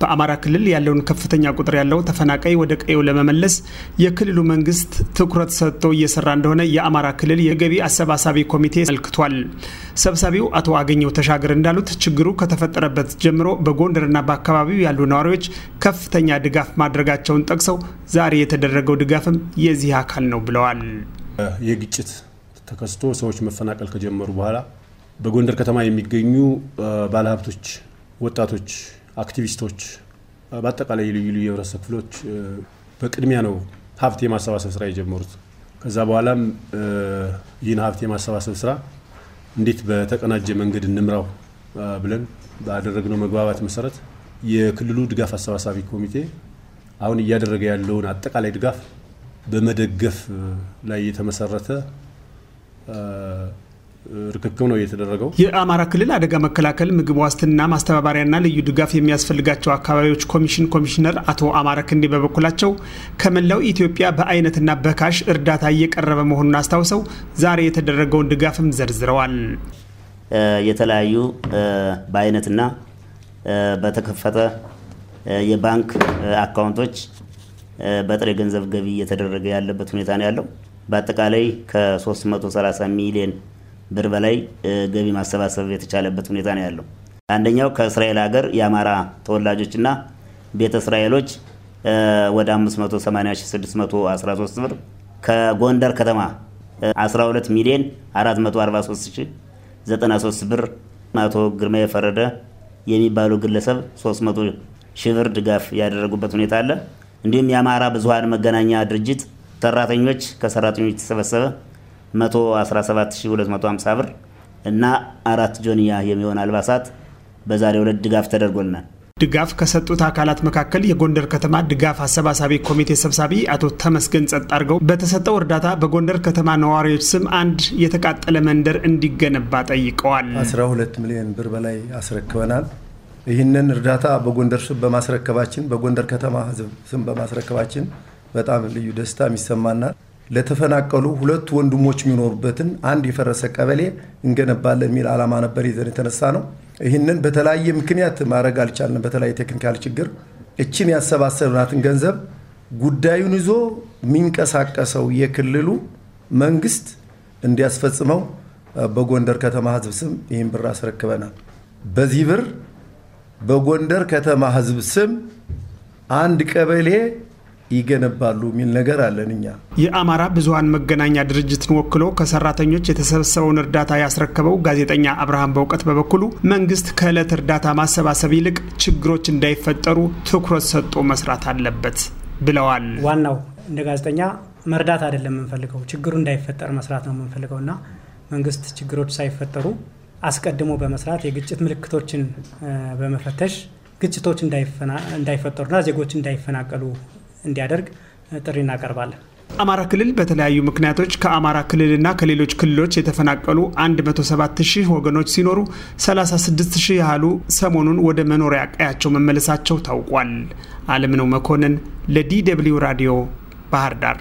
በአማራ ክልል ያለውን ከፍተኛ ቁጥር ያለው ተፈናቃይ ወደ ቀዬው ለመመለስ የክልሉ መንግስት ትኩረት ሰጥቶ እየሰራ እንደሆነ የአማራ ክልል የገቢ አሰባሳቢ ኮሚቴ አመልክቷል። ሰብሳቢው አቶ አገኘው ተሻገር እንዳሉት ችግሩ ከተፈጠረበት ጀምሮ በጎንደርና በአካባቢው ያሉ ነዋሪዎች ከፍተኛ ድጋፍ ማድረጋቸውን ጠቅሰው ዛሬ የተደረገው ድጋፍም የዚህ አካል ነው ብለዋል። የግጭት ተከስቶ ሰዎች መፈናቀል ከጀመሩ በኋላ በጎንደር ከተማ የሚገኙ ባለሀብቶች፣ ወጣቶች አክቲቪስቶች፣ በአጠቃላይ ልዩ ልዩ የህብረተሰብ ክፍሎች በቅድሚያ ነው ሀብት የማሰባሰብ ስራ የጀመሩት። ከዛ በኋላም ይህን ሀብት የማሰባሰብ ስራ እንዴት በተቀናጀ መንገድ እንምራው ብለን ባደረግነው መግባባት መሰረት የክልሉ ድጋፍ አሰባሳቢ ኮሚቴ አሁን እያደረገ ያለውን አጠቃላይ ድጋፍ በመደገፍ ላይ የተመሰረተ ርክክብ ነው የተደረገው። የአማራ ክልል አደጋ መከላከል ምግብ ዋስትና ማስተባበሪያና ልዩ ድጋፍ የሚያስፈልጋቸው አካባቢዎች ኮሚሽን ኮሚሽነር አቶ አማረ ክንዴ በበኩላቸው ከመላው ኢትዮጵያ በአይነትና በካሽ እርዳታ እየቀረበ መሆኑን አስታውሰው ዛሬ የተደረገውን ድጋፍም ዘርዝረዋል። የተለያዩ በአይነትና በተከፈተ የባንክ አካውንቶች በጥሬ ገንዘብ ገቢ እየተደረገ ያለበት ሁኔታ ነው ያለው። በአጠቃላይ ከ330 ሚሊዮን ብር በላይ ገቢ ማሰባሰብ የተቻለበት ሁኔታ ነው ያለው። አንደኛው ከእስራኤል ሀገር የአማራ ተወላጆችና ቤተ እስራኤሎች ወደ 580613 ብር ከጎንደር ከተማ 12 ሚሊዮን 443093 ብር አቶ ግርማ የፈረደ የሚባሉ ግለሰብ 300 ሺህ ብር ድጋፍ ያደረጉበት ሁኔታ አለ። እንዲሁም የአማራ ብዙሃን መገናኛ ድርጅት ሰራተኞች ከሰራተኞች የተሰበሰበ 117250 ብር እና አራት ጆንያ የሚሆን አልባሳት በዛሬው ዕለት ድጋፍ ተደርጎልናል። ድጋፍ ከሰጡት አካላት መካከል የጎንደር ከተማ ድጋፍ አሰባሳቢ ኮሚቴ ሰብሳቢ አቶ ተመስገን ጸጥ አድርገው በተሰጠው እርዳታ በጎንደር ከተማ ነዋሪዎች ስም አንድ የተቃጠለ መንደር እንዲገነባ ጠይቀዋል። 12 ሚሊዮን ብር በላይ አስረክበናል። ይህንን እርዳታ በጎንደር ስም በማስረከባችን በጎንደር ከተማ ሕዝብ ስም በማስረከባችን በጣም ልዩ ደስታ የሚሰማናል። ለተፈናቀሉ ሁለቱ ወንድሞች የሚኖሩበትን አንድ የፈረሰ ቀበሌ እንገነባለን የሚል ዓላማ ነበር ይዘን የተነሳ ነው። ይህንን በተለያየ ምክንያት ማድረግ አልቻለን። በተለያየ ቴክኒካል ችግር እችን ያሰባሰብናትን ገንዘብ ጉዳዩን ይዞ የሚንቀሳቀሰው የክልሉ መንግስት እንዲያስፈጽመው በጎንደር ከተማ ህዝብ ስም ይህን ብር አስረክበናል። በዚህ ብር በጎንደር ከተማ ህዝብ ስም አንድ ቀበሌ ይገነባሉ የሚል ነገር አለን። እኛ የአማራ ብዙሀን መገናኛ ድርጅትን ወክሎ ከሰራተኞች የተሰበሰበውን እርዳታ ያስረከበው ጋዜጠኛ አብርሃም በእውቀት በበኩሉ መንግስት ከዕለት እርዳታ ማሰባሰብ ይልቅ ችግሮች እንዳይፈጠሩ ትኩረት ሰጥቶ መስራት አለበት ብለዋል። ዋናው እንደ ጋዜጠኛ መርዳት አይደለም የምንፈልገው፣ ችግሩ እንዳይፈጠር መስራት ነው የምንፈልገው እና መንግስት ችግሮች ሳይፈጠሩ አስቀድሞ በመስራት የግጭት ምልክቶችን በመፈተሽ ግጭቶች እንዳይፈጠሩና ዜጎች እንዳይፈናቀሉ እንዲያደርግ ጥሪ እናቀርባለን። አማራ ክልል በተለያዩ ምክንያቶች ከአማራ ክልልና ከሌሎች ክልሎች የተፈናቀሉ 107 ሺህ ወገኖች ሲኖሩ 36 ሺህ ያህሉ ሰሞኑን ወደ መኖሪያ ቀያቸው መመለሳቸው ታውቋል። አለምነው መኮንን ለዲ ደብልዩ ራዲዮ ባህር ዳር